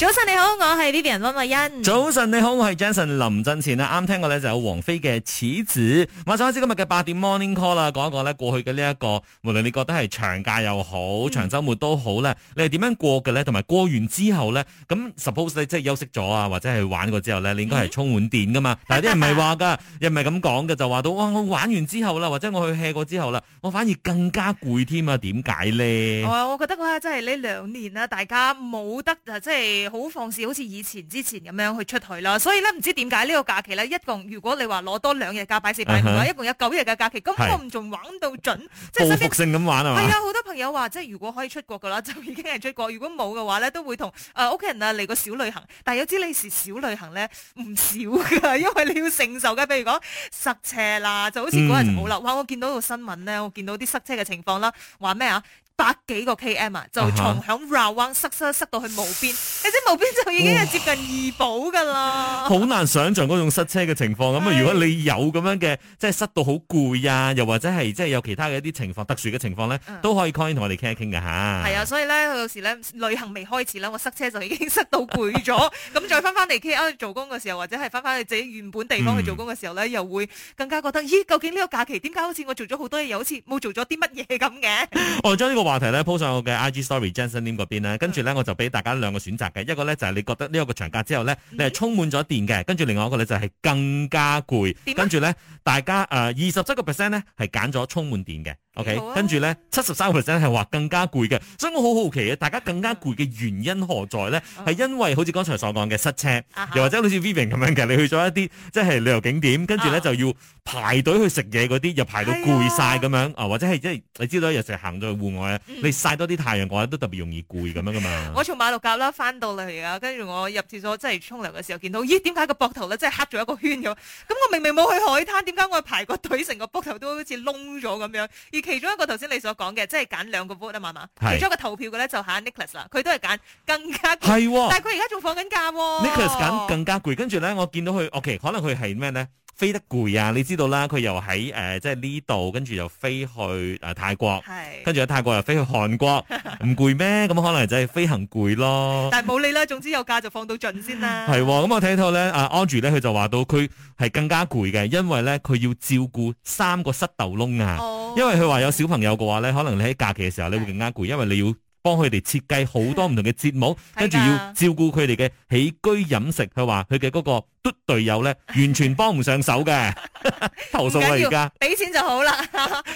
早晨你好，我係呢 i 人溫慧欣。早晨你好，我係 Jason 林振前啊！啱聽過咧，就有王菲嘅《始子》。馬上開始今日嘅八點 Morning Call 啦，講一講咧過去嘅呢一個，無論你覺得係長假又好，長周末都好咧，你係點樣過嘅咧？同埋過完之後咧，咁 suppose 即係休息咗啊，或者係玩過之後咧，你應該係充滿電噶嘛。但係啲人唔係話噶， 又唔係咁講嘅，就話到哇，我玩完之後啦，或者我去 hea 過之後啦，我反而更加攰添啊？點解咧？我我覺得咧，真係呢兩年啊，大家冇得啊，即係。好放肆，好似以前之前咁樣去出去啦。所以咧，唔知點解呢個假期咧，一共如果你話攞多兩日假擺四擺滿，一共有九日嘅假期，咁我唔仲玩到盡，是即係報復性咁玩啊！係啊，好多朋友話即係如果可以出國嘅啦，就已經係出國；如果冇嘅話咧，都會同誒屋企人啊嚟個小旅行。但係有啲你時小旅行咧唔少㗎，因為你要承受嘅，譬如講塞車啦，就好似嗰日就冇啦。嗯、哇！我見到個新聞咧，我見到啲塞車嘅情況啦，話咩啊？百幾個 km 啊，就從響 round one 塞塞塞到去無邊，你啲無邊就已經係接近二寶㗎啦。好難想像嗰種塞車嘅情況。咁啊的，如果你有咁樣嘅，即係塞到好攰啊，又或者係即係有其他嘅一啲情況、特殊嘅情況咧，嗯、都可以擴展同我哋傾一傾嘅吓，係啊，所以咧有時咧旅行未開始咧，我塞車就已經塞到攰咗。咁 再翻翻嚟 KL 做工嘅時候，或者係翻翻去自己原本地方去做工嘅時候咧，嗯、又會更加覺得咦？究竟呢個假期點解好似我做咗好多嘢，又好似冇做咗啲乜嘢咁嘅？我將呢個話題咧 po 上我嘅 IG story，Jasmine 嗰邊咧，跟住咧我就俾大家兩個選擇嘅，一個咧就係、是、你覺得呢一個長假之後咧，你係充滿咗電嘅，跟住另外一個咧就係更加攰，跟住咧大家誒二十七個 percent 咧係揀咗充滿電嘅。O K，跟住咧，七十三 percent 係話更加攰嘅，所以我好好奇啊，大家更加攰嘅原因何在咧？係、啊、因為好似剛才所講嘅塞車，又或者好似 Vivian 咁樣嘅，你去咗一啲即係旅遊景點，跟住咧就要排隊去食嘢嗰啲，又排到攰晒咁樣啊，哎、呀或者係即係你知道，又成日行咗去戶外啊，嗯、你曬多啲太陽嘅話都特別容易攰咁樣噶嘛。嗯嗯、我從馬六甲啦翻到嚟啊，跟住我入廁所即係沖涼嘅時候，見到咦，點解個膊頭咧即係黑咗一個圈咁？咁我明明冇去海灘，點解我排個隊成個膊頭都好似窿咗咁樣？其中一個頭先你所講嘅，即係揀兩個 vote 啊嘛嘛，其中一個投票嘅咧就係 Nicholas 啦，佢都係揀更加攰，哦、但係佢而家仲放緊假、哦。Nicholas 揀更加攰，跟住咧我見到佢，OK，可能佢係咩咧？飛得攰啊！你知道啦，佢又喺誒、呃、即係呢度，跟住又飛去誒泰國，跟住喺泰國又飛去韓國，唔攰咩？咁 可能就係飛行攰咯。但係冇理啦，總之有假就放到盡先啦。係咁、 哦，我睇到咧 Audrey 咧佢就話到佢係更加攰嘅，因為咧佢要照顧三個濕豆窿啊。Oh. 因為佢話有小朋友嘅話咧，可能你喺假期嘅時候你會更加攰，的因為你要幫佢哋設計好多唔同嘅節目，跟住的要照顧佢哋嘅起居飲食。佢話佢嘅嗰個嘟隊友咧，完全幫唔上手嘅 投訴我而家俾錢就好啦，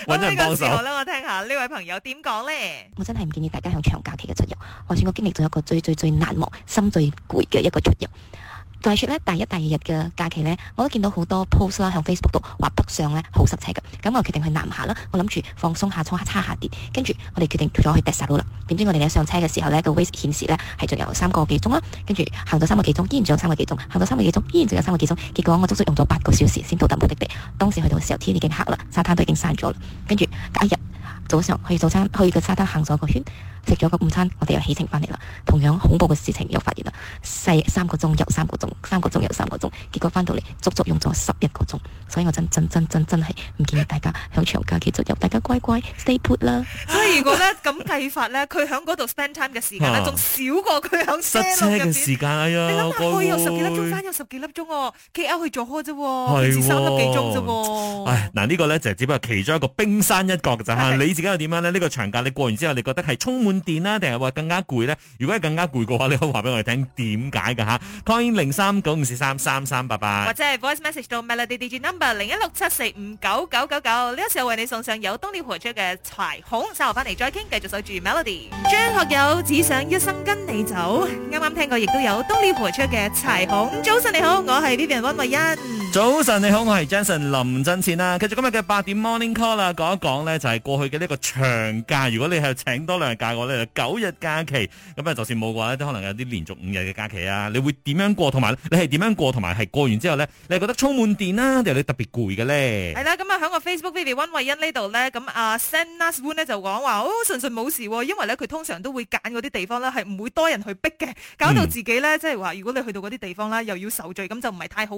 揾人幫手啦。我聽下呢位朋友點講咧？我真係唔建議大家向長假期嘅出遊。我整個經歷咗一個最最最難忘、心最攰嘅一個出遊。呢但係出咧第一、第二日嘅假期咧，我都見到好多 post 啦，向 Facebook 度話北上咧好塞車嘅，咁、嗯、我決定去南下啦。我諗住放鬆下，衝下差下跌，跟住我哋決定咗去迪沙魯啦。點知我哋喺上車嘅時候咧，個 Waze 顯示咧係仲有三個幾鐘啦，跟住行咗三個幾鐘，依然仲有三個幾鐘，行咗三個幾鐘，依然仲有三個幾鐘。結果我足足用咗八個小時先到達目的地。當時去到嘅時候天已經黑啦，沙灘都已經閂咗啦，跟住隔一日。早上去早餐，去個沙灘行咗個圈，食咗個午餐，我哋又起程翻嚟啦。同樣恐怖嘅事情又發現啦，四三個鐘又三個鐘，三個鐘又三個鐘，結果翻到嚟足足用咗十一個鐘。所以我真真真真真係唔建議大家響長假期出入，大家乖乖 stay put 啦。所以如果咧咁計法咧，佢響嗰度 spend time 嘅時間咧，仲少過佢響塞車嘅時間、啊、你諗下去有十幾粒鐘，翻有十幾粒鐘喎，幾歐去咗啫？喎、哦，三粒幾鐘啫？喎。嗱呢、呢個咧就只不過其中一個冰山一角就咋。的自己又點樣呢？呢、呢個長假你過完之後，你覺得係充滿電啦，定係話更加攰呢？如果係更加攰嘅話，你可以話俾我哋聽點解嘅嚇。Coin 零三九五四三三三八八，或者係 Voice Message 到 Melody DJ Number 零一六七四五九九九九。呢個時候為你送上有冬妮婆出嘅彩虹，稍後翻嚟再傾，繼續守住 Melody。張學友只想一生跟你走。啱啱聽過，亦都有冬妮婆出嘅彩虹。早晨你好，我係 Vivian 溫慧欣。早晨，你好，我係 Jason 林振錢啦。繼續今日嘅八點 morning call 啦，講一講呢就係過去嘅呢個長假。如果你係請多兩日假嘅就九日假期咁啊，就算冇嘅話咧，都可能有啲連續五日嘅假期啊。你會點樣過？同埋你係點樣過？同埋係過完之後呢，你係覺得充滿電啦，定係你特別攰嘅咧？係啦，咁啊喺個 Facebook 裏邊溫慧欣呢度呢。咁啊 Sendusoon 咧就講話，我順順冇事，因為咧佢通常都會揀嗰啲地方咧係唔會多人去逼嘅，搞到自己呢，嗯、即係話，如果你去到嗰啲地方啦，又要受罪，咁就唔係太好。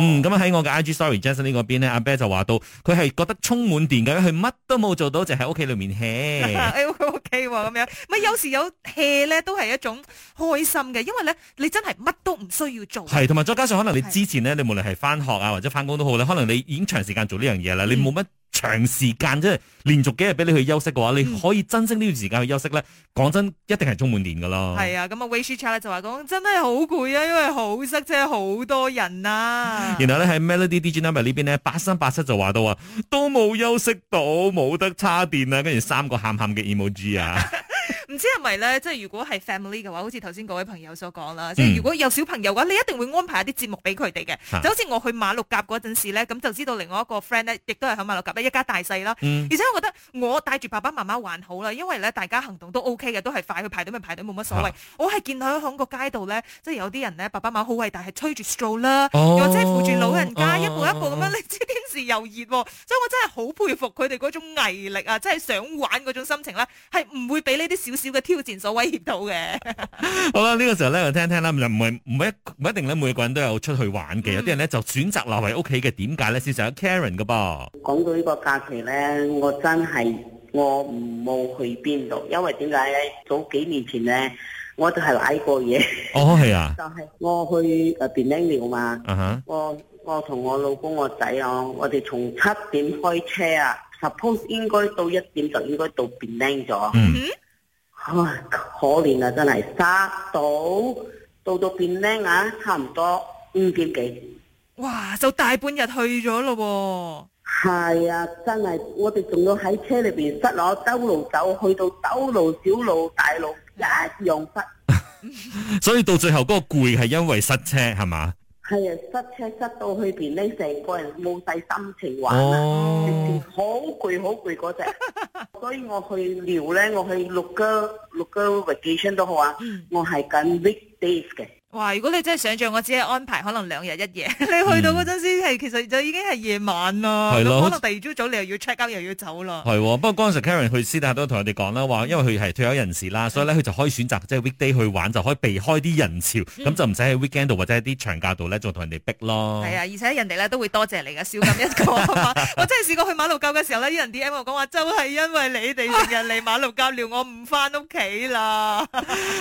嗯，咁喺我嘅 IG story，Jasmine 嗰邊咧，阿 Bill 就話到，佢係覺得充滿電嘅，佢乜都冇做到，就喺屋企裏面 hea，喺屋企喎咁樣，咪有時有 hea 咧，都係一種開心嘅，因為咧，你真係乜都唔需要做，係、嗯，同埋再加上可能你之前咧，你無論係翻學啊或者翻工都好咧，可能你已經長時間做呢樣嘢啦，你冇乜。長時間即係連續幾日俾你去休息嘅話，嗯、你可以珍惜呢段時間去休息咧。講真，一定係充滿電噶咯。係啊，咁啊 Wish Chat 咧就話講真係好攰啊，因為好塞車，好多人啊。然後咧喺 Melody DJ Number 呢邊咧，八三八七就話到啊，都冇休息到，冇得叉電哭哭啊，跟住三個喊喊嘅 emoji 啊。即係咪咧？即係如果係 family 嘅話，好似頭先嗰位朋友所講啦。嗯、即係如果有小朋友嘅話，你一定會安排一啲節目俾佢哋嘅。啊、就好似我去馬六甲嗰陣時咧，咁就知道另外一個 friend 咧，亦都係響馬六甲一家大細啦。嗯、而且我覺得我帶住爸爸媽媽還好啦，因為咧大家行動都 OK 嘅，都係快去排隊咪排隊冇乜所謂。啊、我係見到響香港個街度咧，即係有啲人咧，爸爸媽媽好偉大，係推住 stroller 啦，又或者扶住老人家、哦、一步一步咁樣。嗯、你知天時又熱喎，所以我真係好佩服佢哋嗰種毅力啊！真係想玩嗰種心情啦，係唔會俾呢啲小，小嘅挑戰所威脅到嘅， 好啦，呢、這個時候咧我聽聽啦，唔唔係唔一唔一定咧，每個人都有出去玩嘅，嗯、有啲人咧就選擇留喺屋企嘅，點解咧？先想 Karen 嘅噃？講到呢個假期咧，我真係我唔冇去邊度，因為點解咧？早幾年前咧，我就係買過嘢。哦，係啊， 就係我去誒邊寧了嘛。啊哈、uh huh.！我我同我老公我仔啊，我哋從七點開車啊，suppose 應該到一點就應該到邊寧咗。嗯哼。唉，可憐啊，真係塞到到到變靚啊，差唔多五點幾，哇！就大半日去咗咯喎，係啊，真係我哋仲要喺車裏邊塞落兜路走，去到兜路小路大路一樣塞， 所以到最後嗰個攰係因為塞車係嘛？係啊，塞車塞到去邊咧，成個人冇晒心情玩啊，好攰好攰嗰隻，所以我去撩咧，我去 local local vacation 都好啊，我係揀 weekdays 嘅。哇！如果你真係想象，我只係安排可能兩日一夜，你去到嗰陣先係，嗯、其實就已經係夜晚啦。的可能第二朝早你又要 check out 又要走咯。係，不過嗰陣時 Karen 去斯德都同我哋講啦，話因為佢係退休人士啦，嗯、所以咧佢就可以選擇即係 weekday 去玩，就可以避開啲人潮，咁、嗯、就唔使喺 weekend 度或者喺啲長假度咧，仲同人哋逼咯。係啊，而且人哋咧都會多謝，謝你嘅，少咁一個 我真係試過去馬路教嘅時候咧，啲 人 D M 我講話，就係、是、因為你哋成日嚟馬路教撩 我唔翻屋企啦。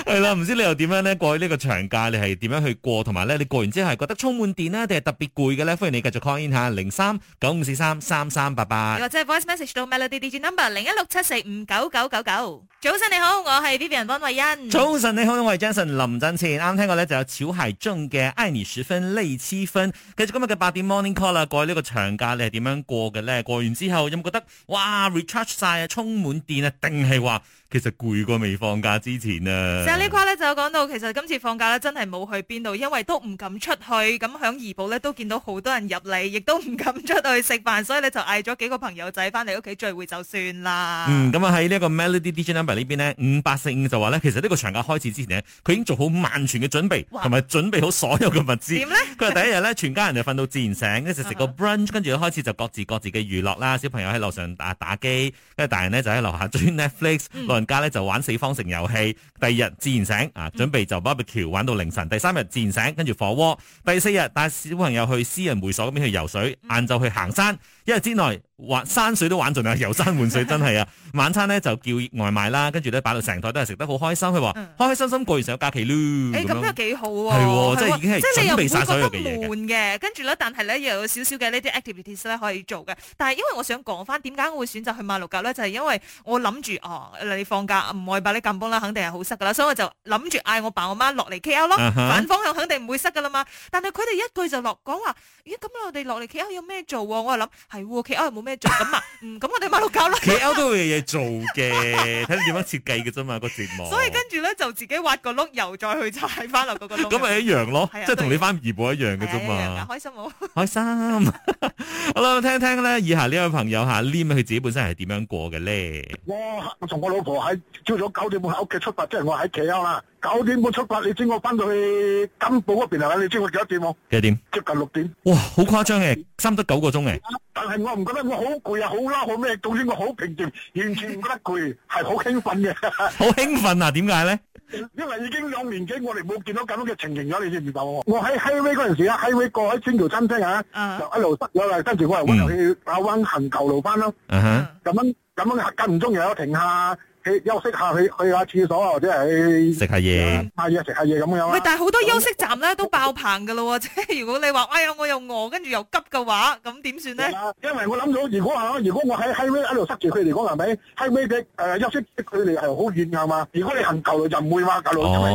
係 啦，唔知你又點樣咧？過呢個長假係點樣去過？同埋咧，你過完之後係覺得充滿電、啊、呢？定係特別攰嘅咧？歡迎你繼續 call in 吓，零三九五四三三三八八，你或者 voice message 到 Melody 的電話 number 零一六七四五九九九九。早晨你好，我係 B B 人溫慧欣。早晨你好，我係 Jason 林振前。啱聽過咧就有小孩中嘅艾尼殊芬、利痴芬。繼續今日嘅八點 morning call 啦，各位呢個長假你係點樣過嘅咧？過完之後有冇覺得哇 recharge 晒啊，充滿電啊？定係話？其實攰過未放假之前啊！上呢 part 咧就講到，其實今次放假咧真係冇去邊度，因為都唔敢出去。咁響怡寶咧都見到好多人入嚟，亦都唔敢出去食飯，所以咧就嗌咗幾個朋友仔翻嚟屋企聚會就算啦。嗯，咁啊喺呢個 Melody d j a n m b a 呢邊呢，五八四五就話咧，其實呢個長假開始之前呢，佢已經做好萬全嘅準備，同埋哇準備好所有嘅物資。點咧？佢話第一日咧， 全家人就瞓到自然醒，一 unch, uh huh. 跟住食個 brunch，跟住開始就各自各自嘅娛樂啦。小朋友喺樓上打打機，跟住大人咧就喺樓下追 Netflix、嗯。家咧就玩四方城遊戲，第二日自然醒啊，準備就 BBQ 玩到凌晨。第三日自然醒，跟住火鍋。第四日帶小朋友去私人會所咁樣去游水，晏晝去行山，一日之內。山水都玩盡啦，遊山玩水真係啊！ 晚餐咧就叫外賣啦，跟住咧擺到成枱都係食得好開心。佢話開開心心過完成個假期咯。誒咁又幾好喎，即係已經係準備曬咗入邊嘅。跟住咧，但係咧又有少少嘅呢啲 activities 咧可以做嘅。但係因為我想講翻點解我會選擇去馬六甲咧，就係、是、因為我諗住哦，你放假唔外辦啲咁多啦，肯定係好塞㗎啦。所以我就諗住嗌我爸我媽落嚟 KL 咯，uh huh、反方向肯定唔會塞㗎啦嘛。但係佢哋一句就落講話，咦咁我哋落嚟 KL 有咩做喎、啊？我又諗係喎，KL 係冇。咩咁啊？咁、嗯、我哋買六搞啦。企歐都會有嘢做嘅，睇你點樣設計嘅啫嘛，個節目。 所以跟住咧就自己挖個窿，又再去踩翻落個。咁咪 一樣咯， 啊、即係同你翻二部一樣嘅啫嘛。開心冇？開心。 好啦，聽聽咧，以下呢位朋友吓 Leon 佢自己本身係點樣過嘅咧？我同我老婆喺朝早九點半喺屋企出發，即、就、係、是、我喺企歐啦。九點半出發，你知我翻到去金寶嗰邊啊？你知我幾多點？幾點？接近六點。哇，好誇張嘅，差唔多九個鐘嘅。但係我唔覺得我好攰啊，好嬲好咩？總之我好平靜，完全唔覺得攰，係好興奮嘅。好興奮啊？點解咧？因為已經兩年幾，我哋冇見到咁樣嘅情形咗，你知唔知道？我喺 Highway 嗰陣時啊，Highway 過喺穿條新鄉啊，就一路一路跟住過嚟，我由去打灣行球路翻咯。嗯哼。咁樣咁樣，間唔中又有停下。休息下去，去去下廁所或者係食下嘢，食下嘢食下嘢咁樣。喂，但係好多休息站咧都爆棚噶咯，即 係如果你話哎呀我又餓，跟住又急嘅話，咁點算咧？因為我，我諗到如果啊，如果我喺喺喺度塞住佢嚟講係咪？喺尾嘅，誒休息嘅距離係好遠噶嘛。如果你行舊路就唔會嘛，舊路就係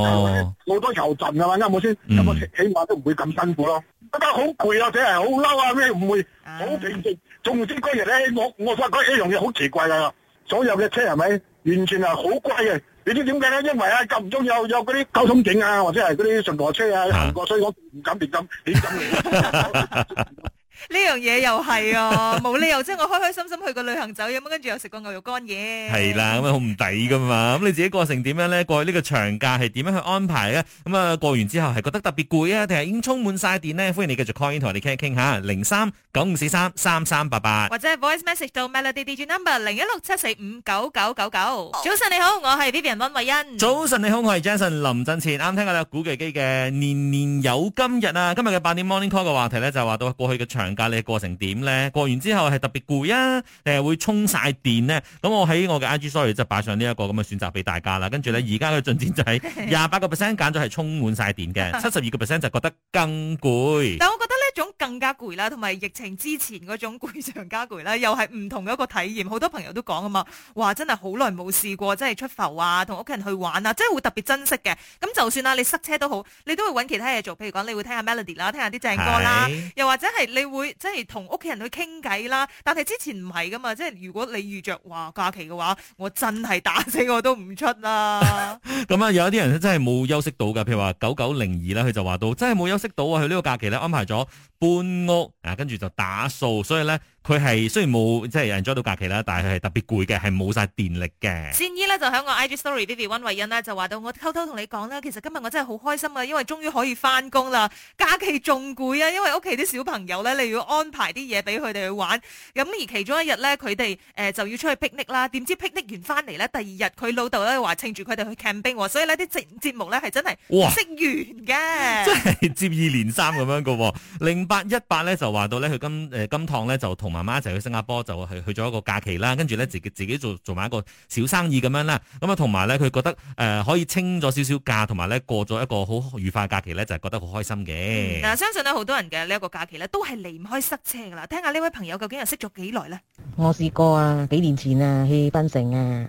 好多油站噶嘛，啱唔啱先？咁我，mm. 起碼都唔會咁辛苦咯。啊啊不 ah. 覺得好攰啊，或者係好嬲啊，咩唔會好平靜。總之嗰日咧，我我發覺一樣嘢好奇怪啊，所有嘅車係咪？是完全係好乖嘅，你知點解咧？因為啊，間唔中有有嗰啲交通警啊，或者係嗰啲巡邏車啊行過，所以我唔敢亂咁，你敢唔？ 呢樣嘢又係啊，冇理由即係我開開心心去個旅行酒店，跟住又食個牛肉乾嘢。係啦，咁樣好唔抵噶嘛？咁你自己過成點樣咧？過去呢個長假係點樣去安排咧？咁啊過完之後係覺得特別攰啊，定係已經充滿晒電咧？歡迎你繼續 call in 同我哋傾一傾吓，零三九五四三三三八八，或者係 voice message 到 Melody Digi Number 零一六七四五九九九九。早晨你好，我係 Vivian 温慧欣。早晨你好，我係 Jason 林振前。啱聽下你古巨基嘅年年有今日啊！今日嘅八點 Morning Call 嘅話題咧，就話到過去嘅長。加你過程點咧？過完之後係特別攰啊，定係會充晒電咧？咁、嗯嗯、我喺我嘅 IG story 就擺上呢一個咁嘅選擇俾大家啦。跟住咧，而家嘅進展就係廿八個 percent 揀咗係充滿晒電嘅，七十二個 percent 就覺得更攰。 種更加攰啦，同埋疫情之前嗰種攰上加攰啦，又係唔同嘅一個體驗。好多朋友都講啊嘛，話真係好耐冇試過，真係出埠啊，同屋企人去玩啊，真係會特別珍惜嘅。咁就算啦，你塞車都好，你都會揾其他嘢做，譬如講你會聽下 melody 啦，聽下啲正歌啦，是又或者係你會即係同屋企人去傾偈啦。但係之前唔係噶嘛，即係如果你遇着話假期嘅話，我真係打死我都唔出啦。咁啊， 有一啲人真係冇休息到噶，譬如話九九零二啦，佢就話到真係冇休息到啊，佢呢個假期咧安排咗。搬屋啊，跟住就打掃，所以咧。佢係雖然冇即係 join 到假期啦，但係佢係特別攰嘅，係冇晒電力嘅。善姨咧就喺個 IG story，David 溫慧欣呢就話到：我偷偷同你講啦，其實今日我真係好開心啊，因為終於可以返工啦。假期仲攰啊，因為屋企啲小朋友咧，你要安排啲嘢俾佢哋去玩。咁而其中一日咧，佢哋誒就要出去 picnic 啦。點知 picnic 完翻嚟咧，第二日佢老豆咧話趁住佢哋去 camping，所以呢啲節節目咧係真係唔識完嘅。即係接二連三咁樣嘅喎。零八一八咧就話到咧，佢今誒今趟咧就同媽媽一齊去新加坡，就係去咗一個假期啦。跟住咧，自己自己做做埋一個小生意咁樣啦。咁啊，同埋咧，佢覺得誒、呃、可以清咗少少假，同埋咧過咗一個好愉快嘅假期咧，就係覺得好開心嘅。嗱、嗯，相信咧好多人嘅呢一個假期咧都係離唔開塞車噶啦。聽下呢位朋友究竟又塞咗幾耐咧？我試過啊，幾年前啊去檳城啊，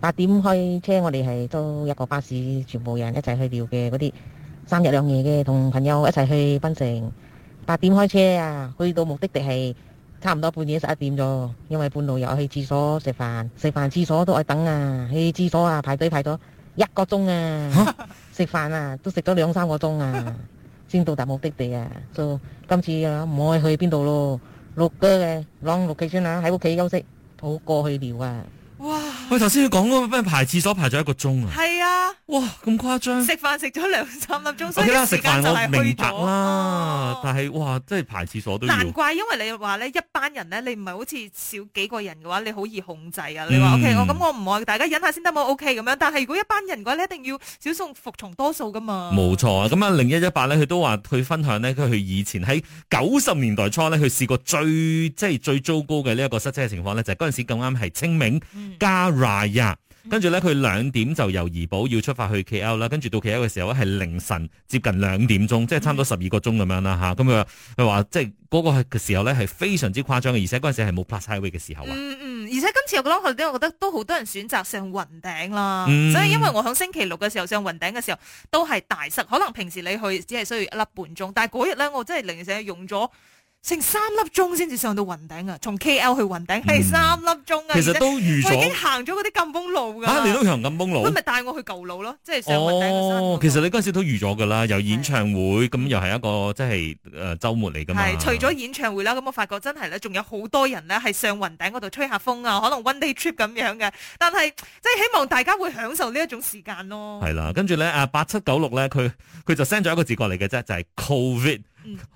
八點開車，我哋係都一個巴士，全部人一齊去嘅嗰啲三日兩夜嘅，同朋友一齊去檳城，八點開車啊，去到目的地係差唔多半夜十一點咗，因為半路又去廁所食飯，食飯廁所都係等啊，去廁所啊排隊排咗一個鐘啊，食蛤飯啊都食咗兩三個鐘啊，先到達目的地啊，就、so, 今次唔、啊、愛去邊度咯，六哥嘅，攞六幾先啦，喺屋企休息，好過去聊啊。哇！喂，頭先佢講咩排廁所排咗一個鐘啊！係啊！哇，咁誇張！食飯食咗兩三粒鐘，所以而家就係去咗。但係哇，即係排廁所都要。難怪，因為你話咧，一班人咧，你唔係好似少幾個人嘅話，你好易控制啊！嗯、你話 O K，我咁我唔愛，大家忍下先得冇 O K 咁樣。但係如果一班人嘅話，你一定要少數服從多數噶嘛。冇錯啊！咁啊，零一一八咧，佢都話佢分享呢，佢以前喺九十年代初咧，佢試過最即係最糟糕嘅呢一個塞車嘅情況咧，就係嗰陣時咁啱係清明。嗯加埋呀，跟住咧佢兩點就由怡保要出發去 K L 啦，跟住到 K L 嘅時候咧係凌晨接近兩點鐘，即係差唔多十二個鐘咁樣啦嚇。咁佢話佢話即係嗰個時候咧係非常之誇張嘅，而且嗰陣時係冇 plus highway 嘅時候啊。嗯嗯，而且今次我覺得佢我覺得都好多人選擇上雲頂啦。嗯、所以因為我響星期六嘅時候上雲頂嘅時候都係大塞，可能平時你去只係需要一粒半鐘，但係嗰日咧我真係凌晨用咗。成三粒鐘先至上到雲頂啊！從 KL 去雲頂係三粒鐘啊、嗯！其實都預咗，已經行咗嗰啲禁風路噶、啊。你都行禁風路？咁咪帶我去舊路咯，即係上雲頂嘅山路。哦，其實你嗰時都預咗噶啦，有演唱會咁的又係一個即係誒周末嚟噶嘛。係，除咗演唱會啦，咁我發覺真係咧，仲有好多人咧係上雲頂嗰度吹下風啊，可能 one day trip 咁樣嘅。但係即係希望大家會享受呢一種時間咯。係啦，跟住咧啊，八七九六咧，佢佢就 send 咗一個字過嚟嘅啫，就係、是、covid。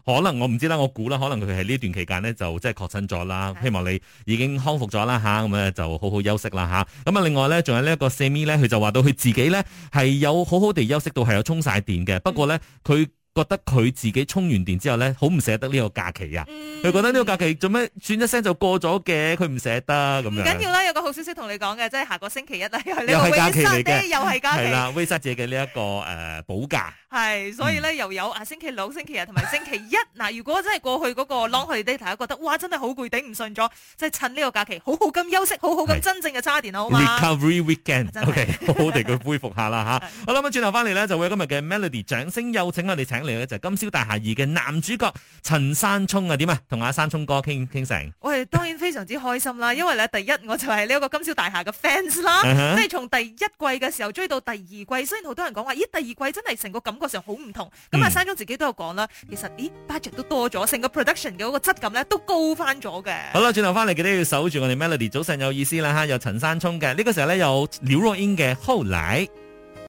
可能我唔知啦，我估啦，可能佢係呢段期間咧就即係確診咗啦。希望你已經康復咗啦吓，咁、啊、咧就好好休息啦吓。咁啊，另外咧仲有呢一個 Sammy 咧，佢就話到佢自己咧係有好好地休息到係有充晒電嘅，不過咧佢。嗯覺得佢自己充完電之後咧，好唔捨得呢個假期啊！佢覺得呢個假期做咩轉一聲就過咗嘅，佢唔捨得咁樣。唔緊要啦，有個好消息同你講嘅，即係下個星期一咧，又係假期嚟嘅。係啦，衛塞節嘅呢一個誒補假。係，所以咧又有啊星期六、星期日同埋星期一。嗱，如果真係過去嗰個 long holiday 大家覺得哇，真係好攰，頂唔順咗，即係趁呢個假期好好咁休息，好好咁真正嘅叉電啊嘛。Recovery weekend，OK，好好地去恢復下啦吓。好啦，咁轉頭翻嚟咧，就會有今日嘅 Melody 掌聲又請我哋請。嚟咧就《金宵大廈二》嘅男主角陳山聰啊，點啊？同阿山聰哥傾傾成，我哋當然非常之開心啦，因為咧第一我就係呢個《金宵大廈》嘅 fans 啦，uh huh. 即係從第一季嘅時候追到第二季，雖然好多人講話，咦第二季真係成個感覺上好唔同，咁啊、嗯、山聰自己都有講啦，其實咦 budget 都多咗，成個 production 嘅嗰個質感咧都高翻咗嘅。好啦，轉頭翻嚟記得要守住我哋 Melody，早上有意思啦吓，有陳山聰嘅呢個時候咧有劉若英嘅後來。這個